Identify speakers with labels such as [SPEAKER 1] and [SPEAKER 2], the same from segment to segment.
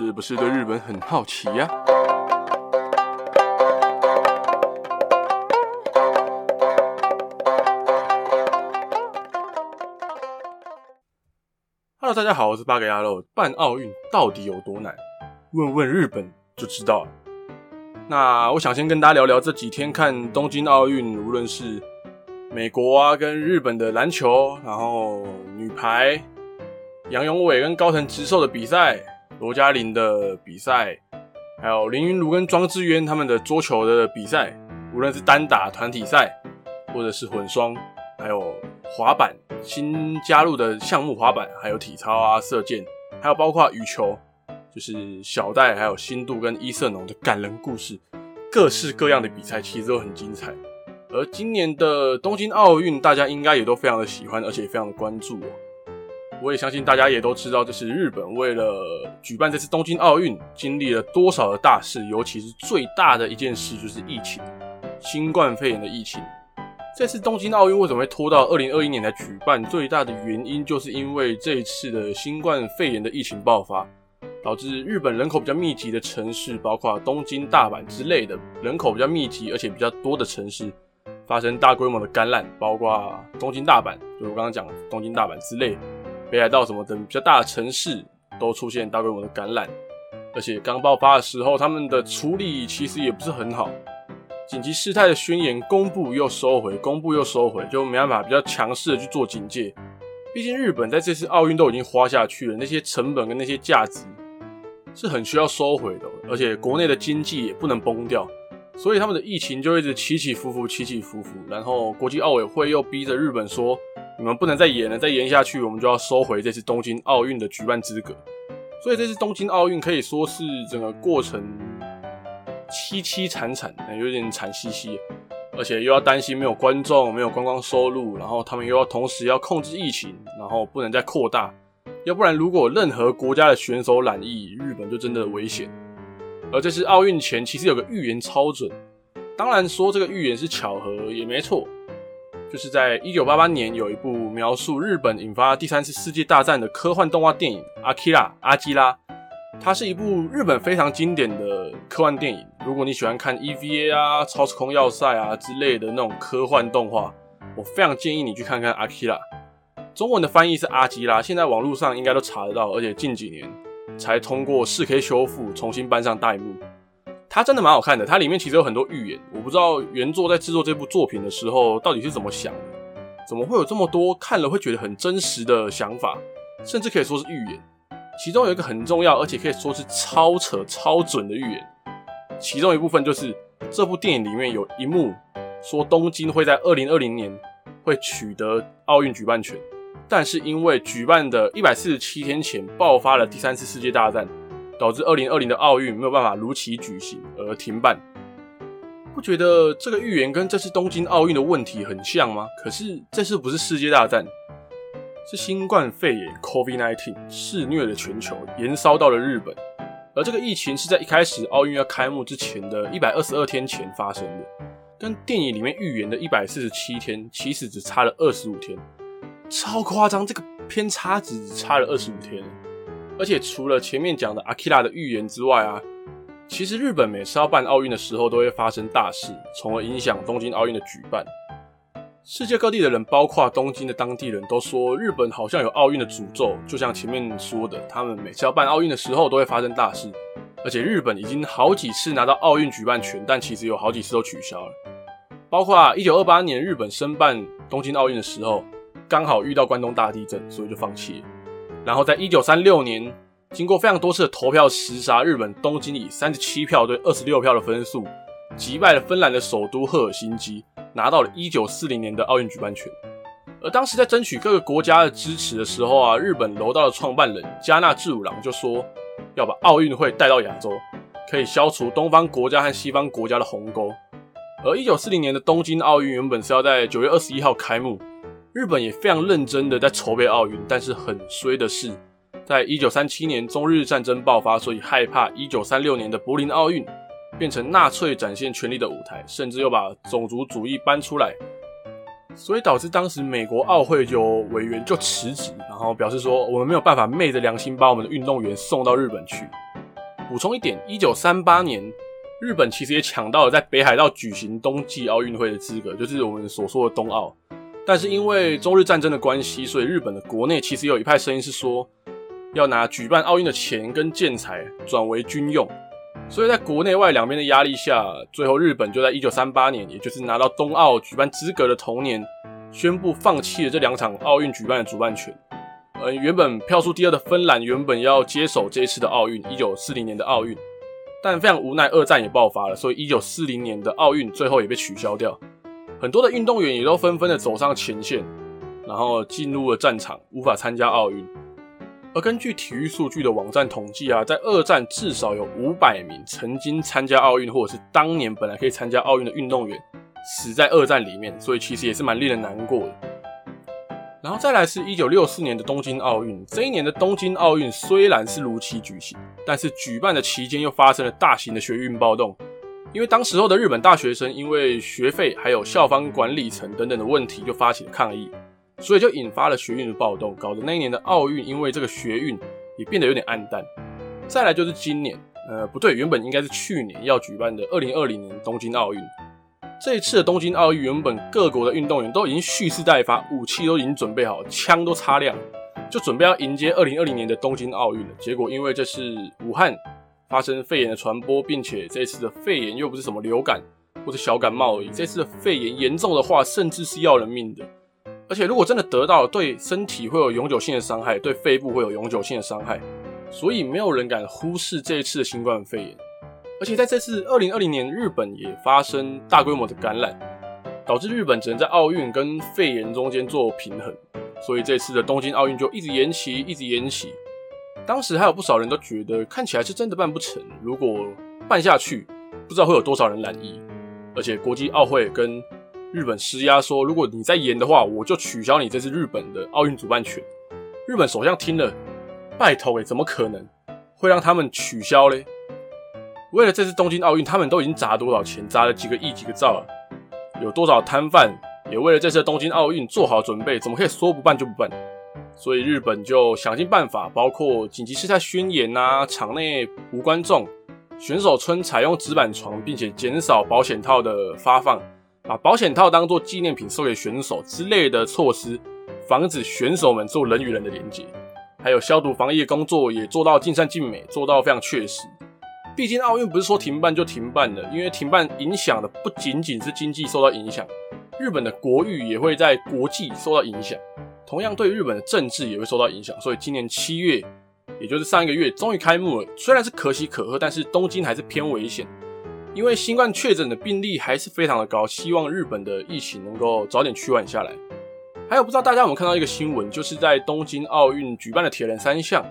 [SPEAKER 1] 是不是對日本很好奇呀？Hello，大家好，我是八格牙路。辦奧運到底有多難？問問日本就知道了。那我想先跟大家聊聊這幾天看東京奧運，無論是美國啊跟日本的籃球，然後女排，楊勇緯跟高藤直壽的比賽。羅嘉玲的比賽，還有林昀儒跟莊智淵他們的桌球的比賽，無論是單打、團體賽，或者是混雙，還有滑板，新加入的項目滑板，還有體操啊、射箭，還有包括羽球，就是小戴還有新度跟伊瑟農的感人故事，各式各樣的比賽其實都很精彩。而今年的東京奧運，大家應該也都非常的喜歡，而且也非常的關注哦。我也相信大家也都知道，這是日本為了舉辦這次東京奧運，經歷了多少的大事，尤其是最大的一件事就是疫情，新冠肺炎的疫情。這次東京奧運為什麼會拖到二零二一年才舉辦？最大的原因就是因為這一次的新冠肺炎的疫情爆發，導致日本人口比較密集的城市，包括東京、大阪之類的人口比較密集而且比較多的城市，發生大規模的感染，包括東京、大阪，就我剛剛講的東京、大阪之類的。北海道什麼等比較大的城市都出現大規模的感染，而且剛爆發的時候，他們的處理其實也不是很好。緊急事態的宣言公布又收回，公布又收回，就沒辦法比較強勢的去做警戒。畢竟日本在這次奧運都已經花下去了，那些成本跟那些價值是很需要收回的，而且國內的經濟也不能崩掉，所以他們的疫情就一直起起伏伏，起起伏伏。然後國際奧委會又逼着日本說，你們不能再演了，再演下去，我們就要收回這次東京奧運的舉辦資格。所以這次東京奧運可以說是整個過程淒淒慘慘，有點慘兮兮，而且又要擔心沒有觀眾、沒有觀光收入，然後他們又要同時要控制疫情，然後不能再擴大，要不然如果任何國家的選手染疫，日本就真的危險。而這次奧運前其實有個預言超準，當然說這個預言是巧合也沒錯。就是在一九八八年，有一部描述日本引發第三次世界大戰的科幻動畫電影《Akira, 阿基拉》。阿基拉，它是一部日本非常經典的科幻電影。如果你喜歡看 EVA 啊、超時空要塞啊之類的那種科幻動畫，我非常建議你去看看《阿基拉》。中文的翻譯是阿基拉，現在網絡上應該都查得到。而且近幾年才通過 4K 修復，重新搬上大熒幕。它真的蠻好看的，它裡面其實有很多預言。我不知道原作在製作這部作品的時候到底是怎麼想的，怎麼會有這麼多看了會覺得很真實的想法，甚至可以說是預言。其中有一個很重要，而且可以說是超扯超準的預言。其中一部分就是這部電影裡面有一幕說東京會在二零二零年會取得奧運舉辦權，但是因為舉辦的一百四十七天前爆發了第三次世界大戰。導致二零二零的奧運沒有辦法如期舉行而停辦，不覺得這個預言跟這次東京奧運的問題很像嗎？可是這次不是世界大戰，是新冠肺炎 COVID-19 肆虐了全球，延燒到了日本，而這個疫情是在一開始奧運要開幕之前的一百二十二天前發生的，跟電影裡面預言的一百四十七天，其實只差了二十五天，超誇張，這個偏差只差了二十五天。而且除了前面講的阿基拉的預言之外啊，其實日本每次要辦奧運的時候都會發生大事，從而影響東京奧運的舉辦。世界各地的人，包括東京的當地人都說，日本好像有奧運的詛咒。就像前面說的，他們每次要辦奧運的時候都會發生大事。而且日本已經好幾次拿到奧運舉辦權，但其實有好幾次都取消了。包括1928年日本申辦東京奧運的時候，剛好遇到關東大地震，所以就放棄了。然後，在一九三六年，經過非常多次的投票廝殺，日本東京以三十七票對二十六票的分數擊敗了芬蘭的首都赫爾辛基，拿到了一九四零年的奧運舉辦權。而當時在爭取各個國家的支持的時候啊，日本柔道的創辦人嘉納治五郎就說，要把奧運會帶到亞洲，可以消除東方國家和西方國家的鴻溝。而一九四零年的東京奧運原本是要在九月二十一號開幕。日本也非常認真地在籌備奧運，但是很衰的是，在一九三七年中日戰爭爆發，所以害怕一九三六年的柏林奧運變成納粹展現權力的舞台，甚至又把種族主義搬出來，所以導致當時美國奧會有委員就辭職，然後表示說我們沒有辦法昧着良心把我們的運動員送到日本去。補充一點，一九三八年日本其實也搶到了在北海道舉行冬季奧運會的資格，就是我們所說的冬奧。但是因為中日戰爭的關係，所以日本的國內其實有一派聲音是說，要拿舉辦奧運的錢跟建材轉為軍用，所以在國內外兩邊的壓力下，最後日本就在一九三八年，也就是拿到冬奧舉辦資格的同年，宣布放棄了這兩場奧運舉辦的主辦權。嗯、呃，原本票數第二的芬蘭原本要接手這一次的奧運，一九四零年的奧運，但非常無奈，二戰也爆發了，所以一九四零年的奧運最後也被取消掉。很多的運動員也都紛紛的走上前線，然後進入了戰場，無法參加奧運。而根據體育數據的網站統計啊，在二戰至少有五百名曾經參加奧運或者是當年本來可以參加奧運的運動員死在二戰裡面，所以其實也是蠻令人難過的。然後再來是1964年的東京奧運，這一年的東京奧運雖然是如期舉行，但是舉辦的期間又發生了大型的學運暴動。因為當時候的日本大學生，因為學費還有校方管理層等等的問題，就發起了抗議，所以就引發了學運的暴動，搞得那一年的奧運因為這個學運也變得有點黯淡。再來就是今年，呃，不對，原本應該是去年要舉辦的二零二零年的東京奧運，這一次的東京奧運原本各國的運動員都已經蓄勢待發，武器都已經準備好，槍都擦亮，就準備要迎接二零二零年的東京奧運了。結果因為這是武漢。發生肺炎的傳播，並且這次的肺炎又不是什麼流感或者小感冒而已。這次的肺炎嚴重的話，甚至是要人命的。而且如果真的得到，對身體會有永久性的傷害，對肺部會有永久性的傷害。所以沒有人敢忽視這一次的新冠肺炎。而且在這次二零二零年，日本也發生大規模的感染，導致日本只能在奧運跟肺炎中間做平衡。所以這次的東京奧運就一直延期，一直延期。當時還有不少人都覺得，看起來是真的辦不成。如果辦下去，不知道會有多少人染疫。而且國際奧會跟日本施壓，說如果你再延的話，我就取消你這次日本的奧運主辦權。日本首相聽了，拜託哎、欸，怎麼可能會讓他們取消嘞？為了這次東京奧運，他們都已經砸多少錢，砸了幾個億幾個兆了。有多少攤販也為了這次東京奧運做好準備，怎麼可以說不辦就不辦？所以日本就想盡辦法，包括緊急事態宣言啊，場內無觀眾，選手村採用紙板床，並且減少保險套的發放，把保險套當做紀念品送給選手之類的措施，防止選手們做人與人的連接。還有消毒防疫工作也做到盡善盡美，做到非常確實。畢竟奧運不是說停辦就停辦的，因為停辦影響的不僅僅是經濟受到影響，日本的國譽也會在國際受到影響。同樣對於日本的政治也會受到影響，所以今年七月，也就是上一個月終於開幕了。雖然是可喜可賀，但是東京還是偏危險，因為新冠確診的病例還是非常的高。希望日本的疫情能夠早點趨緩下來。還有，不知道大家有沒有看到一個新聞，就是在東京奧運舉辦的鐵人三項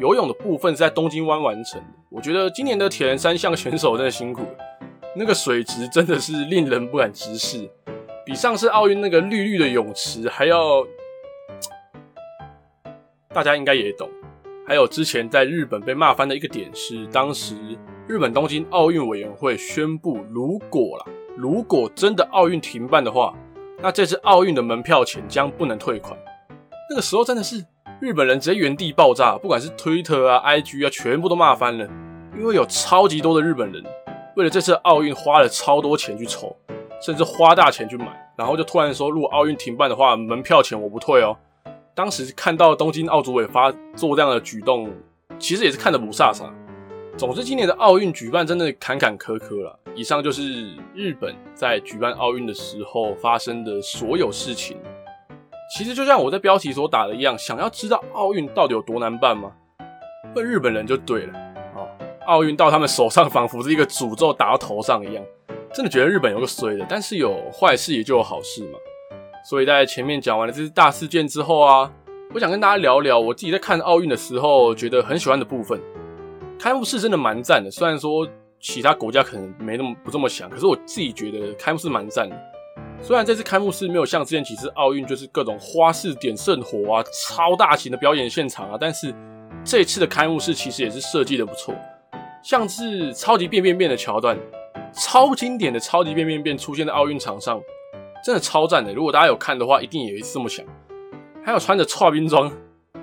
[SPEAKER 1] 游泳的部分是在東京灣完成的。我覺得今年的鐵人三項選手真的辛苦了，那個水質真的是令人不敢直視，比上次奧運那個綠綠的泳池還要。大家應該也懂，還有之前在日本被罵翻的一個點是，當時日本東京奧運委員會宣布，如果啦，如果真的奧運停辦的話，那這次奧運的門票錢將不能退款。那個時候真的是日本人直接原地爆炸，不管是 Twitter 啊、IG 啊，全部都罵翻了，因為有超級多的日本人為了這次奧運花了超多錢去籌，甚至花大錢去買，然後就突然說，如果奧運停辦的話，門票錢我不退哦，喔。當時看到東京奧組委發做這樣的舉動，其實也是看得不颯爽。總之，今年的奧運舉辦真的坎坎坷坷了。以上就是日本在舉辦奧運的時候發生的所有事情。其實就像我在標題所打的一樣，想要知道奧運到底有多難辦嗎？問日本人就對了啊！奧運到他們手上仿佛是一個詛咒打到頭上一樣，真的覺得日本有個衰的，但是有壞事也就有好事嘛。所以在前面講完了這次大事件之後啊，我想跟大家聊聊我自己在看奧運的時候覺得很喜歡的部分。開幕式真的蠻讚的，雖然說其他國家可能沒那麼，不這麼想，可是我自己覺得開幕式蠻讚的。雖然這次開幕式沒有像之前幾次奧運就是各種花式點聖火啊，超大型的表演現場啊，但是這次的開幕式其實也是設計的不錯，像是超級變變變的橋段，超經典的超級變變變出現在奧運場上。真的超讚的、欸！如果大家有看的話，一定也會這麼想。還有穿着超兵裝，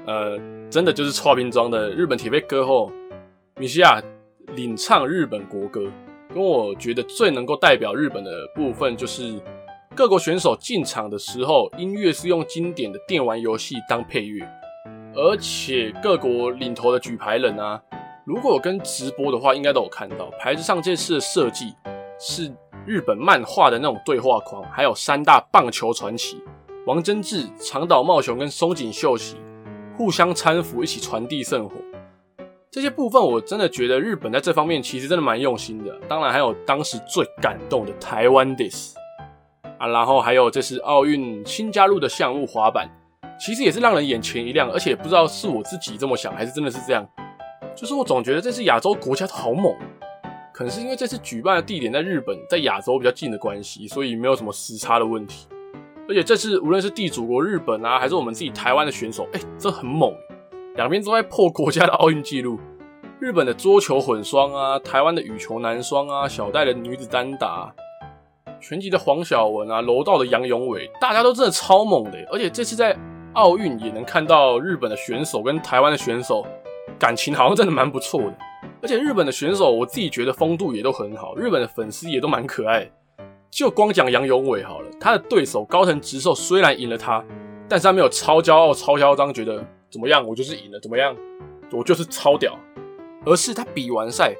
[SPEAKER 1] 呃，真的就是超兵裝的日本鐵背歌後，米西亞領唱日本國歌，因為我覺得最能夠代表日本的部分就是各國選手進場的時候，音樂是用經典的電玩遊戲當配樂，而且各國領頭的舉牌人啊，如果跟直播的話，應該都有看到牌子上這次的設計是。日本漫畫的那種對話狂，還有三大棒球傳奇王真志長島茂雄跟松井秀喜互相攙扶，一起傳遞聖火。這些部分我真的覺得日本在這方面其實真的蠻用心的。當然，還有當時最感動的台灣 d i s 啊，然後還有這是奧運新加入的項目滑板，其實也是讓人眼前一亮。而且不知道是我自己這麼想，還是真的是這樣，就是我總覺得這是亞洲國家的好猛。可能是因為這次舉辦的地點在日本，在亞洲比較近的關係，所以沒有什麼時差的問題。而且這次無論是地主國日本啊，還是我們自己台灣的選手，哎、欸，這很猛，兩邊都在破國家的奧運紀錄。日本的桌球混雙啊，台灣的羽球男雙啊，小戴的女子單打，拳擊的黃筱雯啊，柔道的楊勇緯，大家都真的超猛的。而且這次在奧運也能看到日本的選手跟台灣的選手，感情好像真的蠻不錯的。而且日本的選手，我自己覺得風度也都很好，日本的粉絲也都蠻可愛的。就光講楊勇緯好了，他的對手高藤直壽雖然贏了他，但是他沒有超驕傲、超囂張，覺得怎麼樣，我就是贏了，怎麼樣，我就是超屌。而是他比完賽，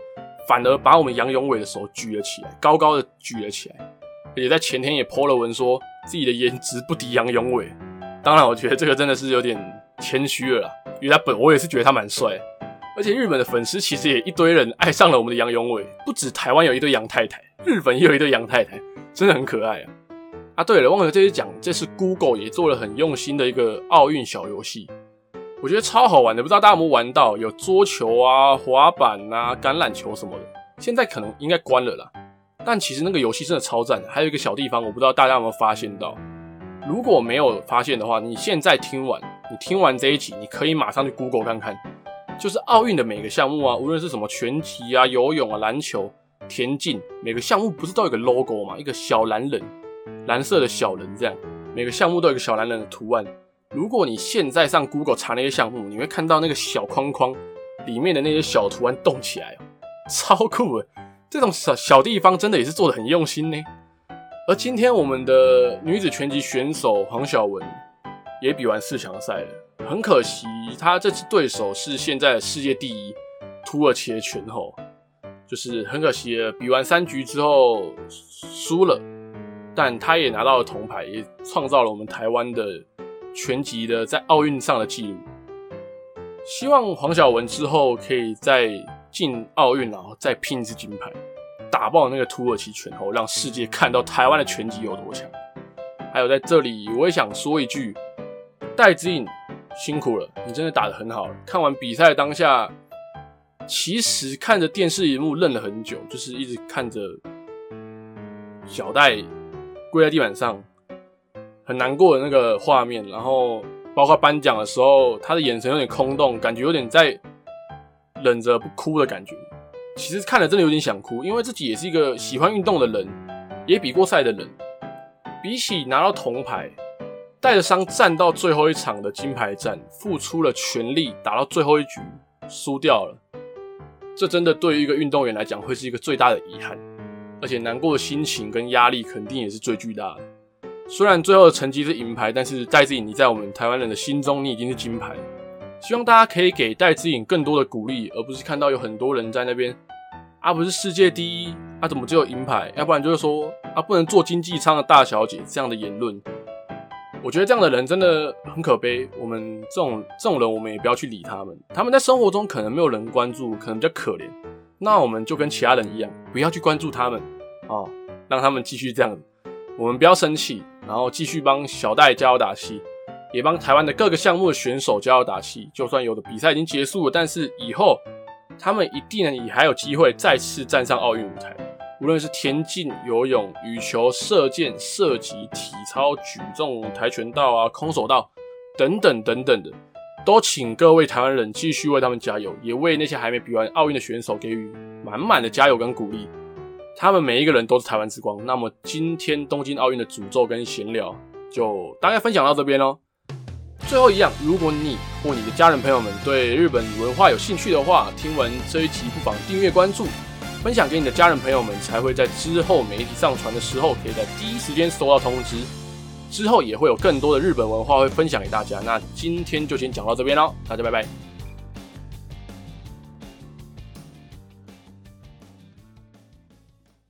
[SPEAKER 1] 反而把我們楊勇緯的手舉了起來，高高的舉了起來，也在前天也 PO 了文，說自己的顏值不敵楊勇緯。當然，我覺得這個真的是有點謙虛了啦，因為他本我也是覺得他蠻帥。而且日本的粉絲其實也一堆人愛上了我們的楊勇緯，不止台灣有一對楊太太，日本也有一對楊太太，真的很可愛啊！啊，對了，忘了這次講，這次 Google 也做了很用心的一個奧運小遊戲，我覺得超好玩的，不知道大家有沒有玩到？有桌球啊、滑板啊、橄欖球什麼的，現在可能應該關了啦。但其實那個遊戲真的超讚。還有一個小地方，我不知道大家有沒有發現到？如果沒有發現的話，你現在聽完，你聽完這一集，你可以馬上去 Google 看看。就是奧運的每個項目啊，無論是什麼拳擊啊、游泳啊、籃球、田徑，每個項目不是都有個 logo 嘛，一個小藍人，藍色的小人這樣，每個項目都有一個小藍人的圖案。如果你現在上 Google 查那些項目，你會看到那個小框框裡面的那些小圖案動起來哦、喔，超酷、欸！這種小小地方真的也是做得很用心呢、欸。而今天我們的女子拳擊選手黃曉雯也比完四強賽了。很可惜，他這次對手是現在的世界第一土耳其的拳後，就是很可惜的，比完三局之後輸了，但他也拿到了銅牌，也創造了我們台灣的拳擊的在奧運上的紀錄。希望黃筱雯之後可以再進奧運，然後再拼一次金牌，打爆那個土耳其拳後，讓世界看到台灣的拳擊有多強。還有在這裡，我也想說一句，戴資穎。辛苦了，你真的打得很好。看完比賽當下，其實看着電視熒幕愣了很久，就是一直看着小戴跪在地板上很難過的那個畫面，然後包括頒獎的時候，他的眼神有點空洞，感覺有點在忍着不哭的感覺。其實看了真的有點想哭，因為自己也是一個喜歡運動的人，也比過賽的人，比起拿到銅牌。帶着傷站到最後一場的金牌戰，付出了全力打到最後一局，輸掉了。這真的對於一個運動員來講，會是一個最大的遺憾，而且難過的心情跟壓力肯定也是最巨大的。雖然最後的成績是銀牌，但是戴資穎你在我們台灣人的心中，你已經是金牌。希望大家可以給戴資穎更多的鼓勵，而不是看到有很多人在那邊，啊不是世界第一，他、啊、怎麼只有銀牌？要、啊、不然就是說他、啊、不能坐經濟艙的大小姐這樣的言論。我覺得這樣的人真的很可悲。我們這種這種人，我們也不要去理他們。他們在生活中可能沒有人關注，可能比較可憐。那我們就跟其他人一樣，不要去關注他們啊、哦，讓他們繼續這樣。我們不要生氣，然後繼續幫小戴加油打氣，也幫台灣的各個項目的選手加油打氣。就算有的比賽已經結束了，但是以後他們一定也還有機會再次站上奧運舞台。無論是田徑、游泳、羽球、射箭、射擊、體操、舉重、跆拳道啊、空手道等等等等的，都請各位台灣人繼續為他們加油，也為那些還沒比完奧運的選手給予滿滿的加油跟鼓勵。他們每一個人都是台灣之光。那麼今天東京奧運的詛咒跟閒聊就大概分享到這邊嘍。最後一樣，如果你或你的家人朋友們對日本文化有興趣的話，聽完這一集不妨訂閱關注。分享給你的家人朋友們，才會在之後每一集上傳的時候，可以在第一時間收到通知。之後也會有更多的日本文化會分享給大家。那今天就先講到這邊嘍，大家拜拜。